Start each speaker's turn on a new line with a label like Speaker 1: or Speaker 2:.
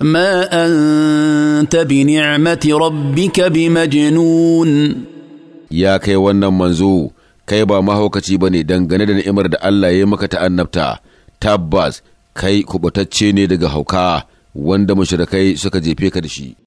Speaker 1: ما أنت بنعمة ربك بمجنون
Speaker 2: Ya kai wannan manzo kai ba mahaukaci ba ne, dangane da ni'imar da Allah ya maka ta tabbas kai kubutacce ne daga hauka wanda
Speaker 3: mushrikai suka jefe ka da shi